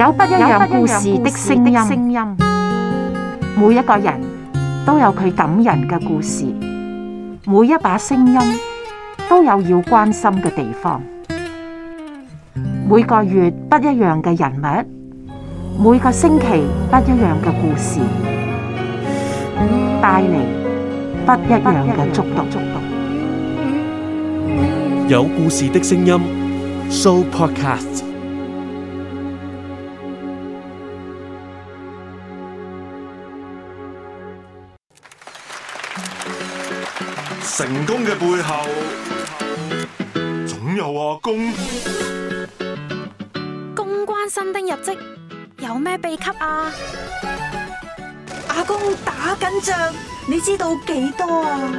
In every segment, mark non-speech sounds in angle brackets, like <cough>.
有不一樣故事的聲音，每一個人都有佢感人嘅故事，每一把聲音都有要關心嘅地方。每個月不一樣嘅人物，每個星期不一樣嘅故事，帶嚟不一樣嘅觸動。有故事的聲音 So Podcast。成功嘅背後，總有阿公。公關新丁入職，有咩秘笈啊？阿公打緊仗，你知道幾多啊？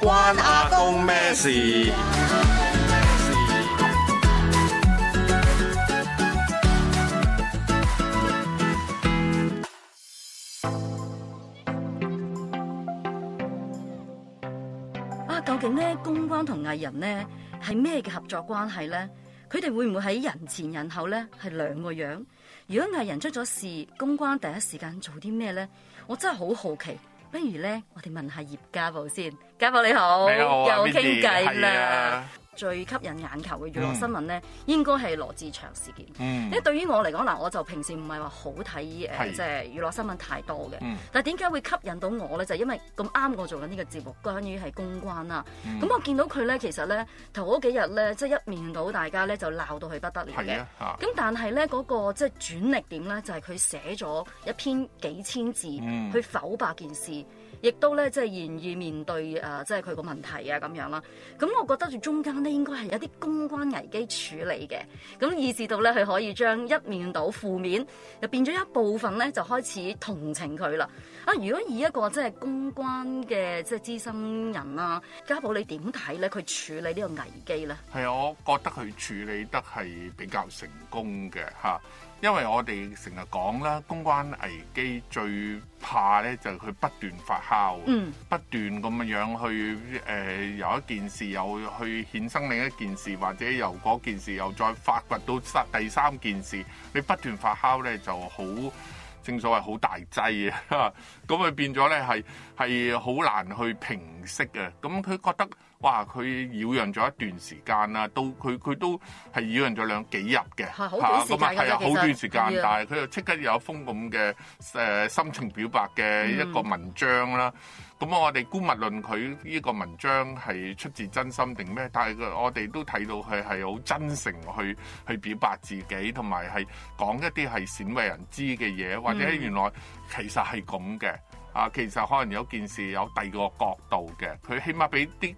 關阿公咩事？公關同藝人呢係咩嘅合作關係呢？佢哋會唔會喺人前人後呢係兩個樣？如果藝人出咗事，公關第一時間做啲咩呢？我真係好好奇。不如呢，我哋問下葉家寶先。家寶你好，又傾偈啦。最吸引眼球嘅娛樂新聞咧、嗯，應該係羅志祥事件。嗯、因為對於我嚟講，嗱、呃，我就平時唔係話好睇誒，即係娛樂新聞太多嘅、嗯。但係點解會吸引到我咧？就係、是、因為咁啱我做緊呢個節目，關於係公關啦、啊。咁、嗯嗯嗯、我見到佢咧，其實咧頭嗰幾日咧，即、就、係、是、一面到一面倒，大家咧就鬧到佢不得了。嘅、啊，咁但係咧嗰個即係轉捩點咧，就係佢寫咗一篇幾千字、嗯、去剖白件事。亦都咧，即係願意面對誒，即係佢個問題啊咁樣啦。咁我覺得仲中間咧，應該係有啲公關危機處理嘅。咁以致到咧，佢可以將一面倒負面，又變咗一部分咧，就開始同情佢啦。啊，如果以一個即係公關嘅即係資深人啦，家寶你點睇咧？佢處理呢個危機咧？係，我覺得佢處理得係比較成功嘅，嚇。因為我哋成日講啦，公關危機最怕咧就係佢不斷發酵，嗯、不斷咁樣去有、呃、由一件事又去衍生另一件事，或者由嗰件事又再發掘到第三件事，你不斷發酵咧就好，正所謂好大劑啊！咁 <laughs> 佢變咗咧係係好難去平息啊，咁佢覺得。哇！佢擾攘咗一段時間啦，到佢佢都係擾攘咗兩幾日嘅，嚇咁啊，係啊，好短時間，但係佢又即刻有一封咁嘅誒心情表白嘅一個文章啦。咁、嗯、我我哋姑勿論佢呢個文章係出自真心定咩？但係我哋都睇到佢係好真誠去去表白自己，同埋係講一啲係鮮為人知嘅嘢，或者原來其實係咁嘅啊！其實可能有件事有第二個角度嘅，佢起碼俾啲。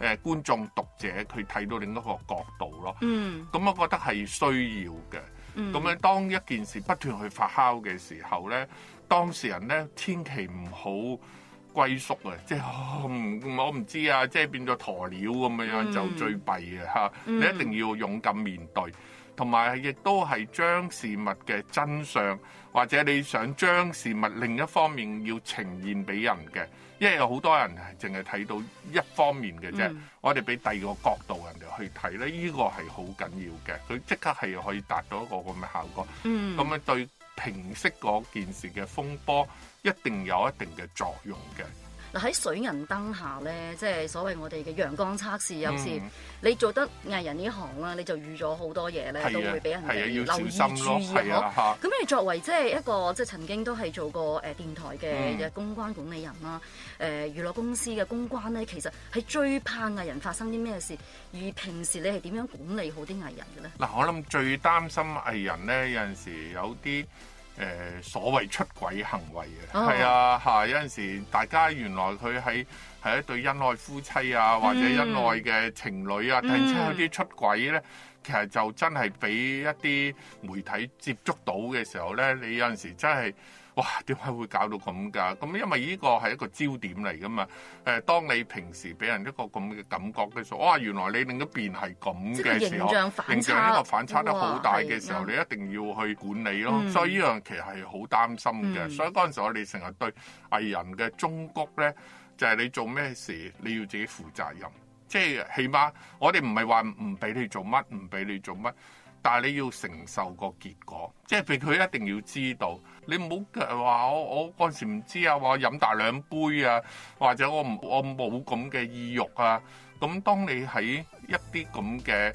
誒觀眾讀者佢睇到另一個角度咯，咁、嗯、我覺得係需要嘅。咁、嗯、咧，當一件事不斷去發酵嘅時候咧、嗯，當事人咧千祈唔好歸宿啊！即、就、係、是、我唔知啊，即、就、係、是、變咗鴕鳥咁樣、嗯、就最弊啊、嗯！你一定要勇敢面對，同埋亦都係將事物嘅真相，或者你想將事物另一方面要呈現俾人嘅。因為有好多人淨係睇到一方面嘅啫，我哋畀第二個角度人哋去睇咧，呢個係好緊要嘅，佢即刻係可以達到一個咁嘅效果。嗯，咁樣對平息嗰件事嘅風波一定有一定嘅作用嘅。喺水銀燈下咧，即係所謂我哋嘅陽光測試。有時、嗯、你做得藝人呢行啦，你就預咗好多嘢咧，啊，都會俾人哋留意注意咯。咁、啊啊、你作為即係一個即係曾經都係做過誒電台嘅公關管理人啦，誒、嗯、娛樂公司嘅公關咧，其實係最怕藝人發生啲咩事，而平時你係點樣管理好啲藝人嘅咧？嗱，我諗最擔心藝人咧，有陣時有啲。誒、呃、所謂出軌行為嘅，係啊嚇、啊，有陣時大家原來佢喺係一對恩愛夫妻啊，嗯、或者恩愛嘅情侶啊，突然之間有啲出軌咧、嗯，其實就真係俾一啲媒體接觸到嘅時候咧，你有陣時真係。哇！點解會搞到咁㗎？咁因為呢個係一個焦點嚟噶嘛。誒，當你平時俾人一個咁嘅感覺嘅時、哦、時，時候，哇！原來你另一邊係咁嘅時候，形象呢個反差得好大嘅時候，你一定要去管理咯。所以呢樣其實係好擔心嘅、嗯。所以嗰陣時我哋成日對藝人嘅忠告咧，就係、是、你做咩事你要自己負責任。即、就、係、是、起碼我哋唔係話唔俾你做乜，唔俾你做乜。但係你要承受個結果，即係俾佢一定要知道。你唔好話我我嗰時唔知啊，話飲大兩杯啊，或者我唔我冇咁嘅意欲啊。咁當你喺一啲咁嘅。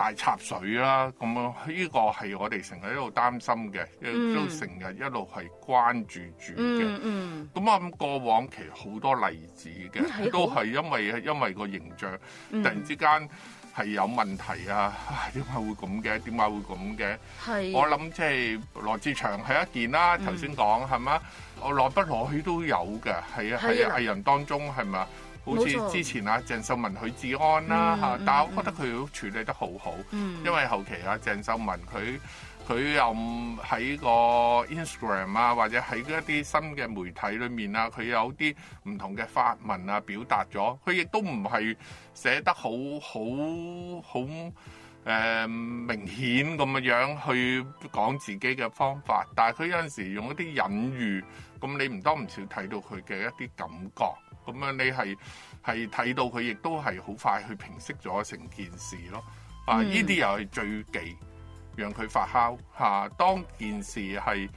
大插水啦，咁樣，呢個係我哋成日一度擔心嘅，嗯、都成日一路係關注住嘅。咁、嗯、啊、嗯，過往其實好多例子嘅、嗯，都係因為因為個形象、嗯、突然之間係有問題啊！點解會咁嘅？點解會咁嘅？我諗即係羅志祥係一件啦，頭先講係嘛？我來不來去都有嘅，係係藝人當中係咪啊？好似之前啊，鄭秀文許志、許志安啦吓，但係我覺得佢處理得很好好、嗯，因為後期啊，鄭秀文佢佢又喺個 Instagram 啊，或者喺一啲新嘅媒體裏面啊，佢有啲唔同嘅發文啊，表達咗，佢亦都唔係寫得好好好誒明顯咁樣樣去講自己嘅方法，但係佢有陣時候用一啲隱喻，咁你唔多唔少睇到佢嘅一啲感覺。咁樣你係係睇到佢，亦都係好快去平息咗成件事咯，啊嗯。啊，呢啲又係最忌讓佢發酵嚇。當件事係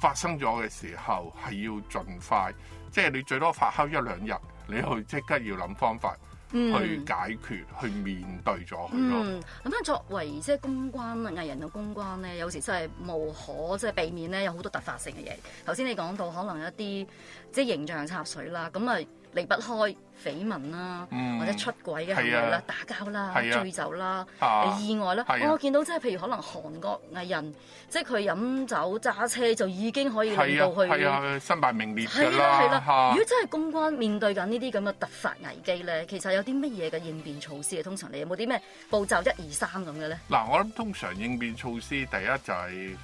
發生咗嘅時候，係要盡快，即係你最多發酵一兩日，你去即刻要諗方法去解決，嗯，去面對咗佢咯。嗯，咁啊，作為即係公關啊，藝人嘅公關咧，有時真係無可即係避免咧，有好多突發性嘅嘢。頭先你講到可能一啲即係形象插水啦，咁啊～離不開。緋聞啦、啊，或者出軌嘅行為啦，打交啦、啊，醉酒啦，意外啦、啊啊，我見到即係譬如可能韓國藝人，啊啊、即係佢飲酒揸車就已經可以令到佢身敗名裂㗎啦。如果真係公關面對緊呢啲咁嘅突發危機咧，其實有啲乜嘢嘅應變措施啊？通常你有冇啲咩步驟一二三咁嘅咧？嗱，我諗通常應變措施第一就係誒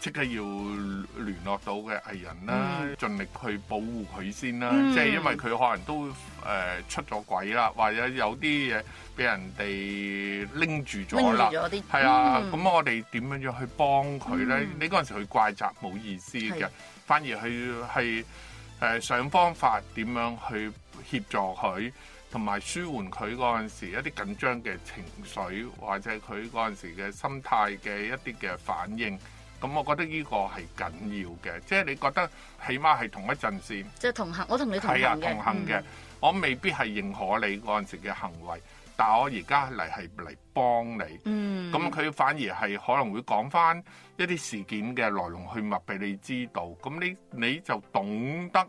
即刻要聯絡到嘅藝人啦、嗯，盡力去保護佢先啦、啊。即、嗯、係、就是、因為佢可能都誒。呃誒出咗軌啦，或者有啲嘢俾人哋拎住咗啦，係啊。咁、嗯、我哋點樣樣去幫佢咧、嗯？你嗰陣時去怪責冇意思嘅，反而係係誒想方法點樣去協助佢，同埋舒緩佢嗰陣時一啲緊張嘅情緒，或者佢嗰陣時嘅心態嘅一啲嘅反應。咁我覺得呢個係緊要嘅，即係你覺得起碼係同一陣線，即係同行。我同你同行嘅。我未必係認可你嗰陣時嘅行為，但我而家嚟係嚟幫你。咁、嗯、佢反而係可能會講返一啲事件嘅來龍去脈俾你知道。咁你你就懂得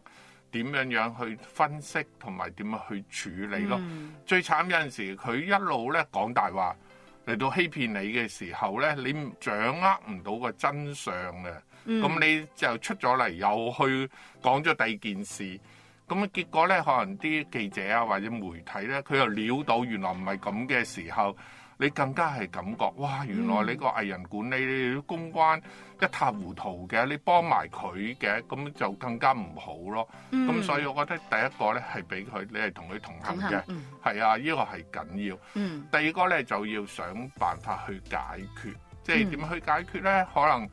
點樣樣去分析同埋點樣去處理咯、嗯。最慘有陣時佢一路咧講大話，嚟到欺騙你嘅時候咧，你掌握唔到個真相嘅。咁、嗯、你就出咗嚟又去講咗第二件事。咁啊，結果咧，可能啲記者啊，或者媒體咧，佢又料到原來唔係咁嘅時候，你更加係感覺哇，原來你個藝人管理、你公關一塌糊塗嘅，你幫埋佢嘅，咁就更加唔好咯。咁、嗯、所以，我覺得第一個咧係俾佢，你係同佢同行嘅，係、嗯、啊，呢、呢個係緊要。第二個咧就要想辦法去解決，即係點去解決咧、嗯？可能。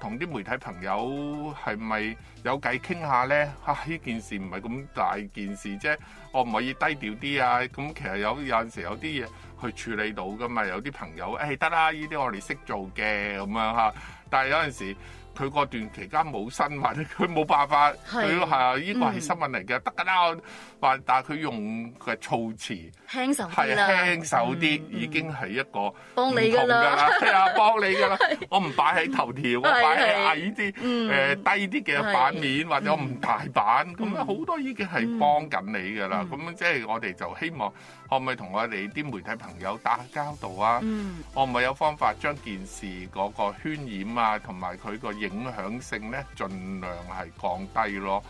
同啲媒體朋友係咪有偈傾下咧？吓、啊、呢件事唔係咁大件事啫，我唔可以低調啲啊！咁其實有有陣時有啲嘢去處理到㗎嘛，有啲朋友誒、哎、得啦，呢啲我哋識做嘅咁樣吓。但係有陣時。佢嗰段期間冇新聞，佢冇辦法，佢都係啊！呢個係新聞嚟嘅，得㗎啦。話但係佢用嘅措辭係輕手啲、嗯嗯，已經係一個的幫你㗎啦。係 <laughs> 啊，幫你㗎啦。我唔擺喺頭條，是是我擺喺矮啲誒低啲嘅版面，或者我唔大版，咁啊好多已經係幫緊你㗎啦。咁、嗯、樣即係我哋就希望。可唔可以同我哋啲媒體朋友打交道啊？嗯、我唔係有方法將件事嗰個渲染啊，同埋佢個影響性咧，盡量係降低咯。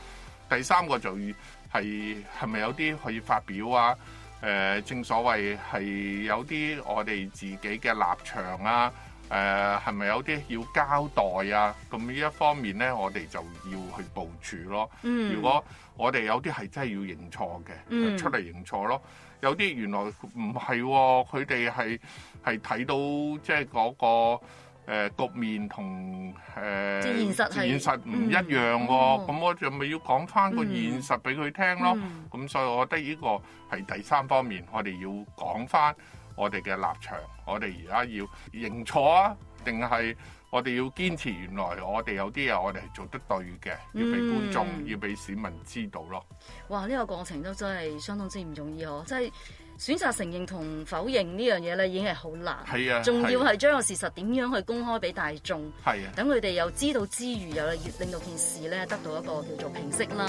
第三個就係係咪有啲可以發表啊？呃、正所謂係有啲我哋自己嘅立場啊。誒係咪有啲要交代啊？咁呢一方面咧，我哋就要去部署咯。嗯、如果我哋有啲係真係要認錯嘅、嗯，出嚟認錯咯。有啲原來唔係，佢哋係係睇到即係嗰、嗰個、呃、局面同誒、呃、現實現實唔一樣喎。咁、嗯、我就咪要講翻個現實俾、嗯、佢聽咯。咁、嗯、所以我覺得呢個係第三方面，我哋要講翻。我哋嘅立場，我哋而家要認錯啊，定係我哋要堅持原來我哋有啲嘢我哋係做得對嘅，要俾觀眾、嗯、要俾市民知道咯。哇！呢個過程都真係相當之唔容易呵，即係選擇承認同否認呢樣嘢咧已經係好難，係啊，仲要係將個事實點樣去公開俾大眾，係啊，等佢哋又知道之餘，又令到件事咧得到一個叫做平息啦。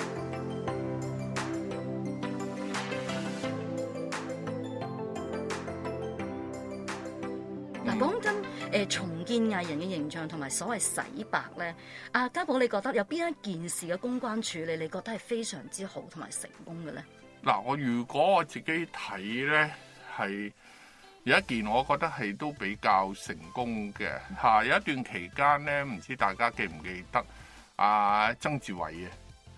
演藝人嘅形象同埋所謂洗白咧，阿家寶，你覺得有邊一件事嘅公關處理，你覺得係非常之好同埋成功嘅咧？嗱，我如果我自己睇咧，係有一件我覺得係都比較成功嘅嚇。有一段期間咧，唔知大家記唔記得啊？曾志偉啊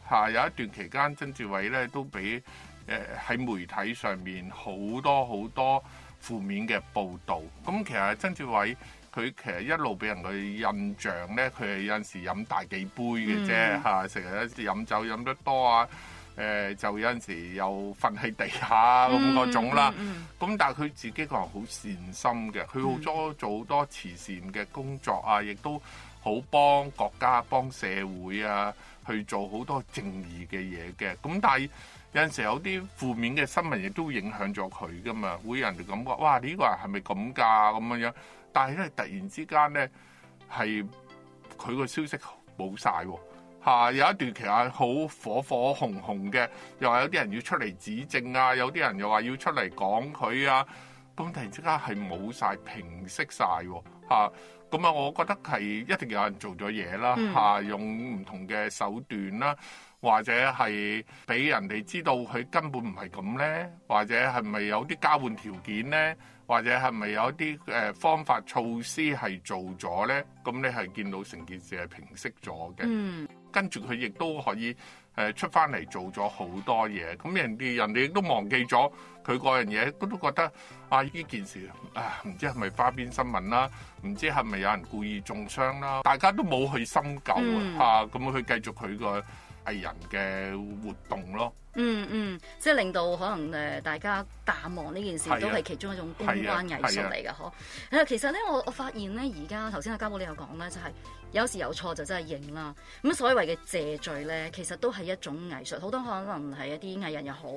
嚇，有一段期間，曾志偉咧都俾誒喺媒體上面好多好多負面嘅報導。咁其實曾志偉。佢其實一路俾人嘅印象咧，佢係有陣時飲大幾杯嘅啫，嚇成日飲酒飲得多啊。誒、呃，就有陣時候又瞓喺地下咁嗰種啦。咁、嗯嗯嗯、但係佢自己個人好善心嘅，佢好多做好多慈善嘅工作啊，亦、嗯、都好幫國家幫社會啊，去做好多正義嘅嘢嘅。咁但係有陣時候有啲負面嘅新聞亦都影響咗佢噶嘛，會有人哋感覺哇呢、呢個人係咪咁㗎咁樣？但係咧，突然之間咧，係佢個消息冇晒喎嚇！有一段期間好火火紅紅嘅，又話有啲人要出嚟指證啊，有啲人又話要出嚟講佢啊，咁突然之間係冇晒，平息晒喎嚇！咁啊，我覺得係一定有人做咗嘢啦嚇，用唔同嘅手段啦，或者係俾人哋知道佢根本唔係咁咧，或者係咪有啲交換條件咧？或者係咪有一啲誒方法措施係做咗咧？咁你係見到成件事係平息咗嘅。嗯，跟住佢亦都可以誒、呃、出翻嚟做咗好多嘢。咁人哋人哋亦都忘記咗佢嗰樣嘢，都都覺得啊呢件事啊唔知係咪花邊新聞啦，唔知係咪有人故意中傷啦，大家都冇去深究、嗯、啊。咁佢繼續佢個藝人嘅活動咯，嗯嗯，即係令到可能誒大家淡忘呢件事，是啊、都係其中一種公關藝術嚟㗎，嗬、啊啊啊。其實咧，我我發現咧，而家頭先阿嘉寶你又講咧，就係、是、有時有錯就真係認啦。咁所謂嘅謝罪咧，其實都係一種藝術，好多可能係一啲藝人又好，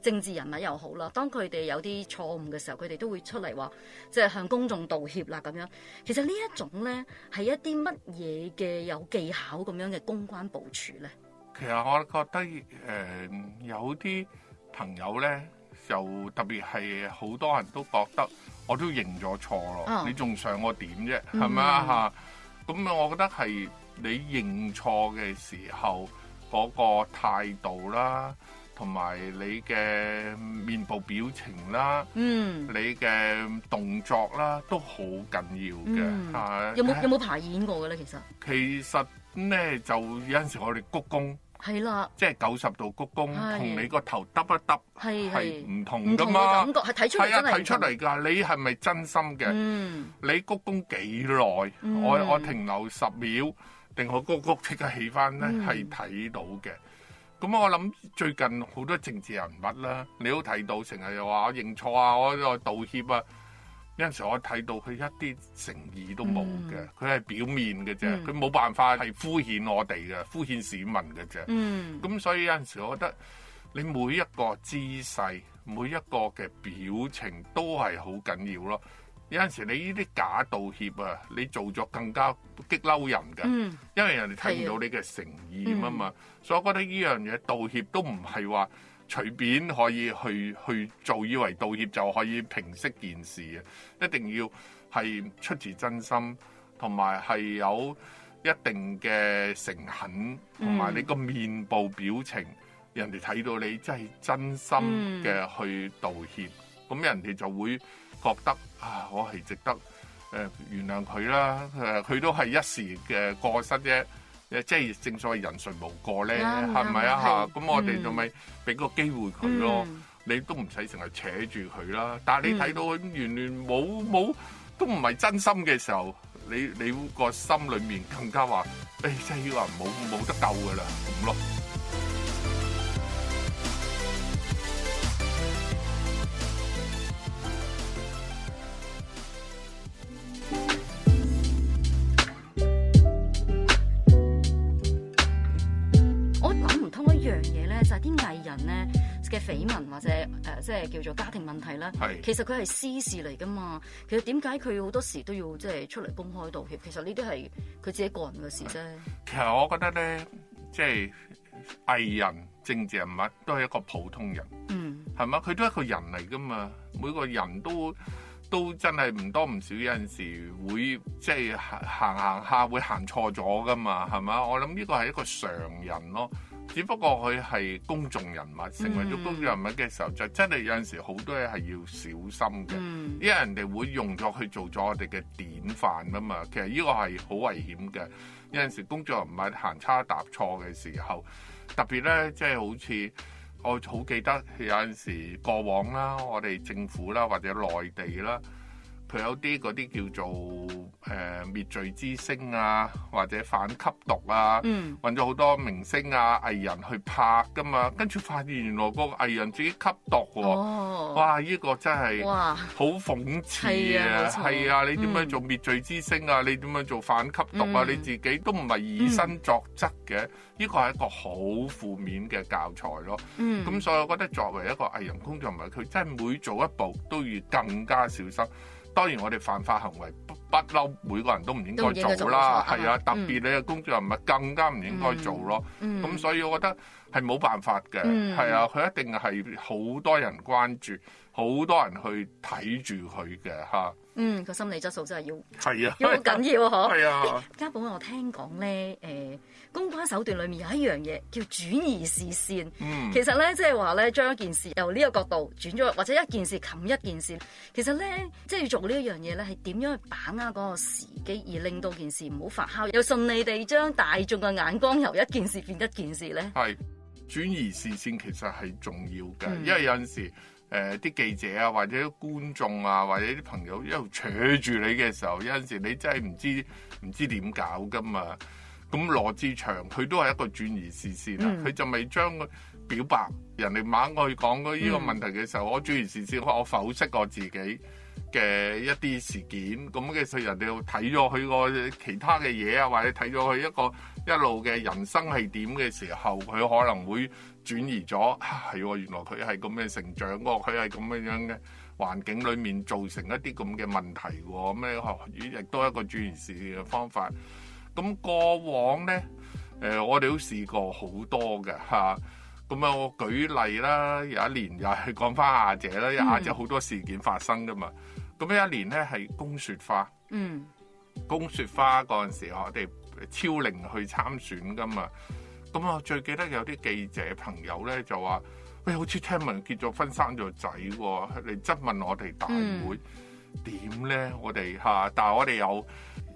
政治人物又好啦。當佢哋有啲錯誤嘅時候，佢哋都會出嚟話，即、就、係、是、向公眾道歉啦。咁樣其實呢一種咧，係一啲乜嘢嘅有技巧咁樣嘅公關部署咧？其實我覺得誒、呃、有啲朋友咧，就特別係好多人都覺得我都認咗錯咯，oh. 你仲想我點啫？係、mm. 咪啊？嚇！咁我覺得係你認錯嘅時候嗰個態度啦，同埋你嘅面部表情啦，嗯、mm.，你嘅動作啦，都好緊要嘅。係、mm. 啊、有冇有冇排演過嘅咧？其實其實咧就有陣時我哋鞠躬。係啦，即係九十度鞠躬，你鞠躬鞠係係同你個頭耷一耷係唔同噶嘛？感覺係睇出嚟，係啊，睇出嚟噶，你係咪真心嘅、嗯？你鞠躬幾耐、嗯？我我停留十秒，定我鞠躬即刻起翻咧？係、嗯、睇到嘅。咁我諗最近好多政治人物啦，你都睇到成日又話我認錯啊，我又道歉啊。有陣時我睇到佢一啲誠意都冇嘅，佢、嗯、係表面嘅啫，佢、嗯、冇辦法係敷衍我哋嘅，敷衍市民嘅啫。咁、嗯、所以有陣時我覺得你每一個姿勢、每一個嘅表情都係好緊要咯。有陣時你呢啲假道歉啊，你做咗更加激嬲人㗎、嗯，因為人哋睇唔到你嘅誠意啊、嗯、嘛。所以我覺得呢樣嘢道歉都唔係話，隨便可以去去做以為道歉就可以平息件事嘅，一定要係出自真心，同埋係有一定嘅誠懇。同埋你個面部表情，嗯、人哋睇到你真係真心嘅去道歉，咁、嗯、人哋就會覺得啊，我係值得、呃、原諒佢啦，佢都係一時嘅過失啫。誒，即係正所謂人誰無過咧，係咪啊？嚇，咁、嗯、我哋就咪俾個機會佢咯、嗯，你都唔使成日扯住佢啦。但係你睇到佢完全冇冇，都唔係真心嘅時候，你你個心裡面更加話，誒即係話冇冇得救㗎啦，咁咯。或者誒，即、呃、係叫做家庭問題啦。係，其實佢係私事嚟噶嘛。其實點解佢好多時都要即係、就係、出嚟公開道歉？其實呢啲係佢自己個人嘅事啫。其實我覺得咧，即、就、係、係、藝人、政治人物都係一個普通人。嗯，係嘛？佢都係一個人嚟噶嘛。每個人都都真係唔多唔少有，有陣時會即係行行下會行，行錯咗噶嘛。係嘛？我諗呢個係一個常人咯。只不過佢係公眾人物，成為咗公眾人物嘅時候，mm-hmm. 就真係有陣時好多嘢係要小心嘅，mm-hmm. 因為人哋會用作去做咗我哋嘅典範㗎嘛。其實呢個係好危險嘅，有陣時公眾人物行差踏錯嘅時候，特別咧，即係好似我好記得有陣時過往啦，我哋政府啦或者內地啦。佢有啲嗰啲叫做、呃、滅罪之星啊，或者反吸毒啊，揾咗好多明星啊、藝人去拍噶嘛。跟住發現原來嗰個藝人自己吸毒喎、啊哦，哇！呢、呢個真係好諷刺啊，係啊，你點樣做滅罪之星啊？嗯、你點樣做反吸毒啊？嗯、你自己都唔係以身作則嘅，呢個係一個好負面嘅教材咯。咁、嗯、所以我覺得作為一個藝人工作者，佢真係每做一步都要更加小心。當然，我哋犯法行為不嬲每個人都唔應該做啦，係啊，嗯、特別你嘅工作人咪更加唔應該做咯。咁、嗯、所以，我覺得係冇辦法嘅，係、嗯、啊，佢一定係好多人關注，好多人去睇住佢嘅嚇。嗯，個心理質素真係要，係啊，好緊要嗬。係啊，啊，啊，家寶，我聽講咧，誒、呃，公關手段裡面有一樣嘢叫轉移視線。嗯、其實咧，即係話咧，將一件事由呢個角度轉咗，或者一件事冚一件事，其實咧，即係要做這一件事呢一樣嘢咧，係點樣去把握嗰個時機，而令到件事唔好發酵，又順利地將大眾嘅眼光由一件事變一件事咧。係轉移視線其實係重要嘅、嗯，因為有陣時。誒、呃、啲記者啊，或者觀觀眾啊，或者啲朋友一路扯住你嘅時候，有陣時你真係唔知唔知點搞㗎嘛？咁羅志祥佢都係一個轉移視線、啊，佢、嗯、就未將佢表白人哋猛去講嗰呢個問題嘅時候、嗯，我轉移視線，我否析我自己嘅一啲事件。咁嘅時候人哋睇咗佢個其他嘅嘢啊，或者睇咗佢一個一路嘅人生係點嘅時候，佢可能會。轉移咗係原來佢係咁嘅成長喎，佢係咁嘅樣嘅環境裡面造成一啲咁嘅問題喎。咁你學語亦都係一個轉移事嘅方法。咁過往咧，誒，我哋都試過好多嘅嚇。咁啊，我舉例啦，有一年又係講翻亞姐啦。亞姐好多事件發生噶嘛。咁一年咧係公雪花，嗯，公雪花嗰陣時候我哋超齡去參選噶嘛。咁啊，最記得有啲記者朋友咧就話，喂，好似聽聞結咗婚生咗仔喎，你質問我哋大會點咧？我哋嚇，但係我哋又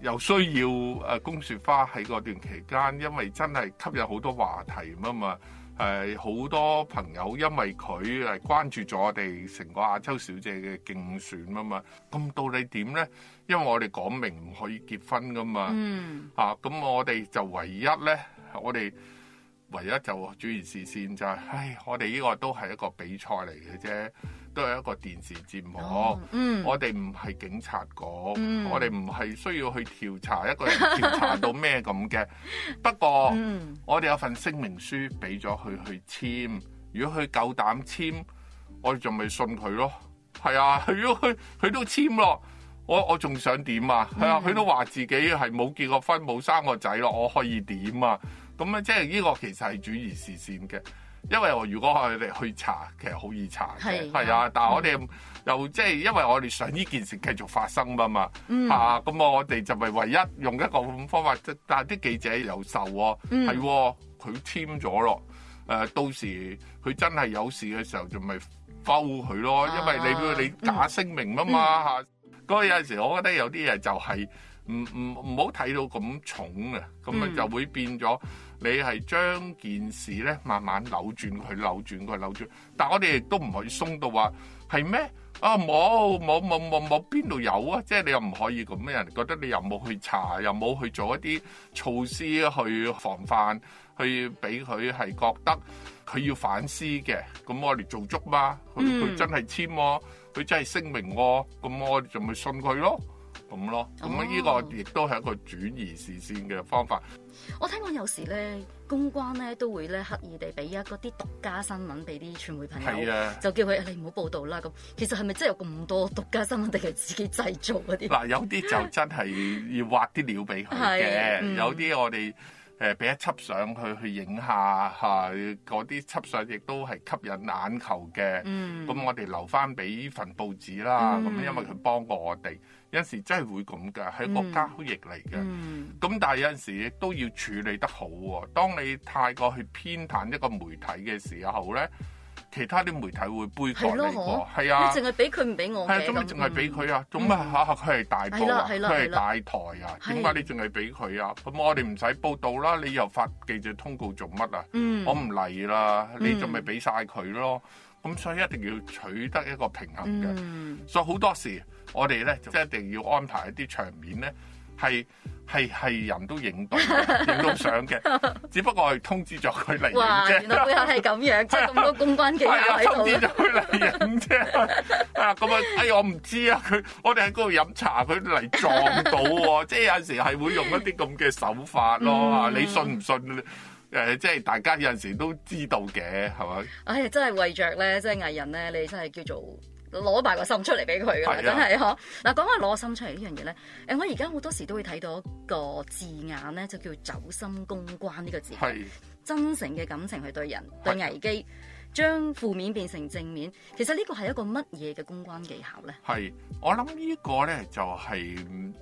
有，有需要誒，公雪花喺嗰段期間，因為真係吸引好多話題啊嘛，係好多朋友因為佢係關注咗我哋成個亞洲小姐嘅競選啊嘛。咁到底點咧？因為我哋講明唔可以結婚噶嘛，嚇、嗯、咁、啊、我哋就唯一咧，我哋。唯一就主移事先就係，唉，我哋呢個都係一個比賽嚟嘅啫，都係一個電視節目。啊、嗯，我哋唔係警察局、嗯，我哋唔係需要去調查一個人，調查到咩咁嘅。 <laughs> 不過，嗯、我哋有份聲明書俾咗佢去簽，如果佢夠膽簽，我哋仲咪信佢咯。係啊，如果佢佢都簽咯，我我仲想點啊？係啊，佢、嗯、都話自己係冇結過婚，冇生過仔咯，我可以點啊？咁咧，即係呢個其實係轉移視線嘅，因為我如果佢哋去查，其實好易查嘅，係啊。但我哋又即係，因為我哋想呢件事繼續發生啊嘛、嗯，啊咁啊，我哋就咪唯一用一個方法，但啲記者有受喎、哦嗯，係、啊，佢簽咗咯、啊。到時佢真係有事嘅時候就咪報佢咯，因為你、啊、你假聲明啊嘛嗰、嗯、所、嗯那個、有陣時，我覺得有啲嘢就係、是。唔唔唔好睇到咁重啊，咁咪就會變咗你係將件事咧慢慢扭轉佢，扭轉佢，扭轉。但係我哋亦都唔可以鬆到話係咩啊冇冇冇冇冇邊度有啊！即係你又唔可以咁樣，人哋覺得你又冇去查，又冇去做一啲措施去防範，去俾佢係覺得佢要反思嘅。咁我哋做足嘛？佢佢真係簽喎，佢真係聲明喎，咁我哋仲咪信佢咯。咁咯，咁呢依個亦都係一個轉移視線嘅方法。哦、我聽講有時咧，公關咧都會咧刻意地俾一嗰啲獨家新聞俾啲傳媒朋友，係啊、就叫佢你唔好報道啦。咁其實係咪真係有咁多獨家新聞，定係自己製造嗰啲？嗱，有啲就真係要挖啲料俾佢嘅，有啲我哋誒俾一輯相佢去影下嚇，嗰啲輯相亦都係吸引眼球嘅。咁、嗯、我哋留翻俾份報紙啦。咁、嗯、因為佢幫過我哋。有陣時真係會咁噶，係一個交易嚟嘅。咁、嗯嗯、但係有陣時亦都要處理得好喎。當你太過去偏袒一個媒體嘅時候咧，其他啲媒體會杯葛嚟嘅。係啊，你淨係俾佢唔俾我嘅。係、嗯、啊，做咩淨係俾佢啊？做乜？下下佢係大報佢係大台啊？點解你淨係俾佢啊？咁我哋唔使報道啦，你又發記者通告做乜啊？嗯、我唔嚟啦，你仲咪俾晒佢咯？咁、嗯、所以一定要取得一個平衡嘅、嗯。所以好多時。我哋咧就一定要安排一啲場面咧，係係係人都影到的、影到相嘅。 <laughs> 只不過係通知咗佢嚟影啫。原來背後係咁樣，咁 <laughs> 多公關嘅喺係通知咗佢嚟影啫。 <laughs> 哎、啊，咁啊，哎我唔知啊，佢我哋喺嗰度飲茶，佢嚟撞到喎。即係有陣時係會用一啲咁嘅手法咯。嗯、你信唔信？誒、呃，即係大家有陣時都知道嘅，係咪？哎真係為着咧，即係藝人咧，你真係叫做～攞埋個心出嚟俾佢啦，啊、真係嗬！嗱、啊，講下攞心出嚟呢樣嘢咧，誒，我而家好多時都會睇到一個字眼咧，就叫走心公關呢、呢個字眼，真誠嘅感情去對人對危機，將負面變成正面。其實呢個係一個乜嘢嘅公關技巧咧？係，我諗呢個咧就係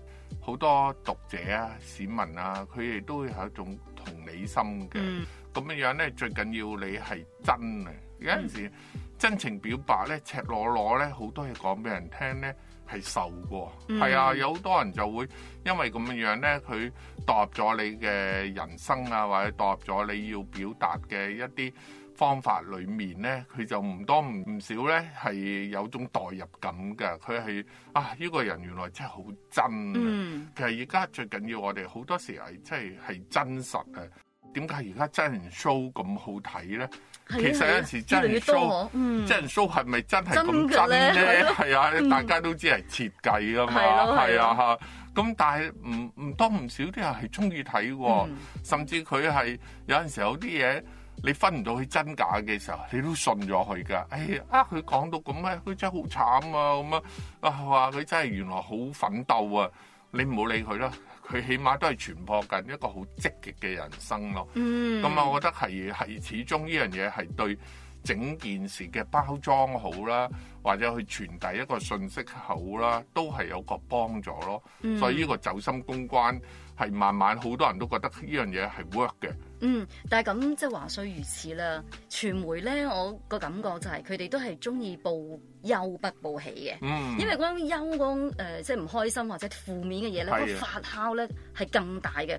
好多讀者啊、市民啊，佢哋都會係一種同理心嘅，咁、嗯、樣樣咧最緊要是你係真嘅。有陣時真情表白咧，赤裸裸咧，好多嘢講俾人聽咧，係受過。係、mm-hmm. 啊，有好多人就會因為咁樣樣咧，佢墮入咗你嘅人生啊，或者墮入咗你要表達嘅一啲方法裡面咧，佢就唔多唔唔少咧，係有種代入感嘅。佢係啊，呢、呢個人原來真係好真、啊。Mm-hmm. 其實而家最緊要我哋好多時係真係係真實嘅。點解而家真人 show 咁好睇咧？其實有陣時真人 show、嗯、真人 show 係咪真係咁真咧？係啊、嗯，大家都知係設計㗎嘛，係啊嚇。咁但係唔唔多唔少啲人係中意睇喎，甚至佢係有陣時有啲嘢你分唔到佢真假嘅時候，你都信咗佢噶。哎啊，佢講到咁咧，佢真係好慘啊，咁啊話佢真係原來好奮鬥啊，你唔好理佢啦。佢起碼都係傳播緊一個好積極嘅人生咯，咁、嗯、啊，那我覺得係係始終呢樣嘢係對整件事嘅包裝好啦，或者去傳遞一個信息好啦，都係有個幫助咯、嗯。所以呢個走心公關係慢慢好多人都覺得呢樣嘢係 work 嘅。嗯，但係咁即係話雖如此啦，傳媒咧，我個感覺就係佢哋都係中意報憂不報喜嘅、嗯，因為嗰種憂誒、呃，即係唔開心或者負面嘅嘢咧，個發酵咧係更大嘅。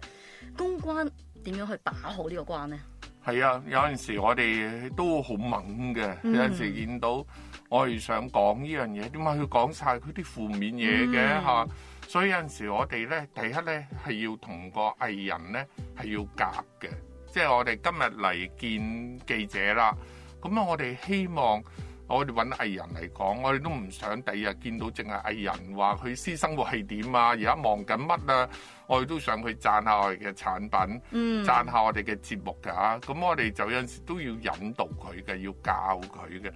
公關點樣去把好呢個關咧？係啊，有陣時我哋都好猛嘅、嗯，有陣時見到我哋想講呢樣嘢，點解佢講晒佢啲負面嘢嘅吓？所以有陣時我哋咧，第一咧係要同個藝人咧係要夾嘅，即係我哋今日嚟見記者啦。咁啊，我哋希望。我哋搵藝人嚟講，我哋都唔想第二日見到淨係藝人話佢私生活係點啊，而家忙緊乜啊，我哋都想去讚下我哋嘅產品，讚、mm. 下我哋嘅節目㗎嚇、啊。咁我哋就有陣時都要引導佢嘅，要教佢嘅。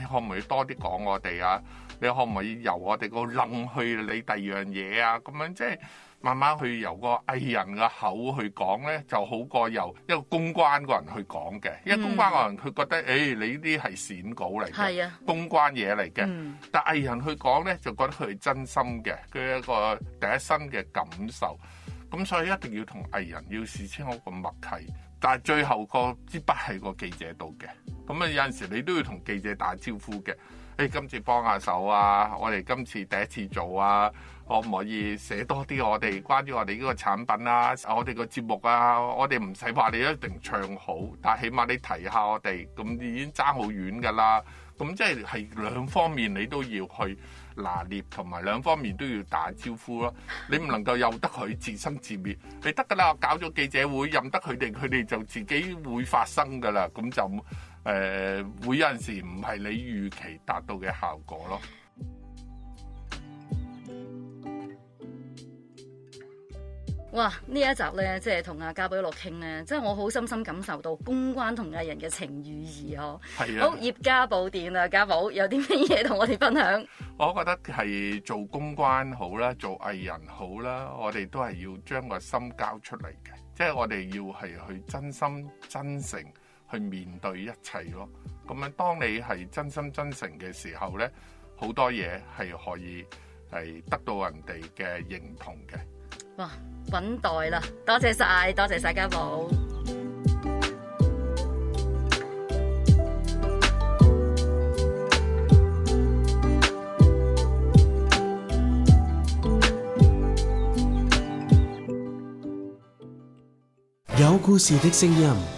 你可唔可以多啲講我哋啊？你可唔可、啊、可可以由我哋個諗去你第二樣嘢啊？咁樣即、就、係、是。慢慢去由個藝人嘅口去講咧，就好過由一個公關個人去講嘅。因為公關個人佢覺得、哎，誒你呢啲係剪稿嚟嘅、嗯，公關嘢嚟嘅。但藝人去講咧，就覺得佢係真心嘅，佢係一個第一身嘅感受。咁所以一定要同藝人要視清嗰個默契。但係最後個支筆係個記者度嘅。咁啊有陣時你都要同記者打招呼嘅。誒、哎、今次幫下手啊！我哋今次第一次做啊，可唔可以寫多啲我哋關於我哋呢個產品啊？我哋個節目啊？我哋唔使話你一定唱好，但起碼你提下我哋，咁已經爭好遠㗎啦。咁即係係兩方面你都要去拿捏，同埋兩方面都要打招呼咯。你唔能夠由得佢自生自滅，你得㗎啦！我搞咗記者會，任得佢哋，佢哋就自己會發生㗎啦。咁就。誒、呃，會有陣時唔係你預期達到嘅效果咯。哇！呢一集咧，即係同阿家寶落傾咧，即係我好深深感受到公關同藝人嘅情與義哦，係啊。好，葉家寶電啊，家寶有啲咩嘢同我哋分享？我覺得係做公關好啦，做藝人好啦，我哋都係要將個心交出嚟嘅，即係我哋要係去真心真誠去面對一切咯，咁樣當你係真心真誠嘅時候呢，好多嘢係可以係得到人哋嘅認同嘅。哇，等待啦，多謝晒，多謝晒家寶。有故事嘅聲音。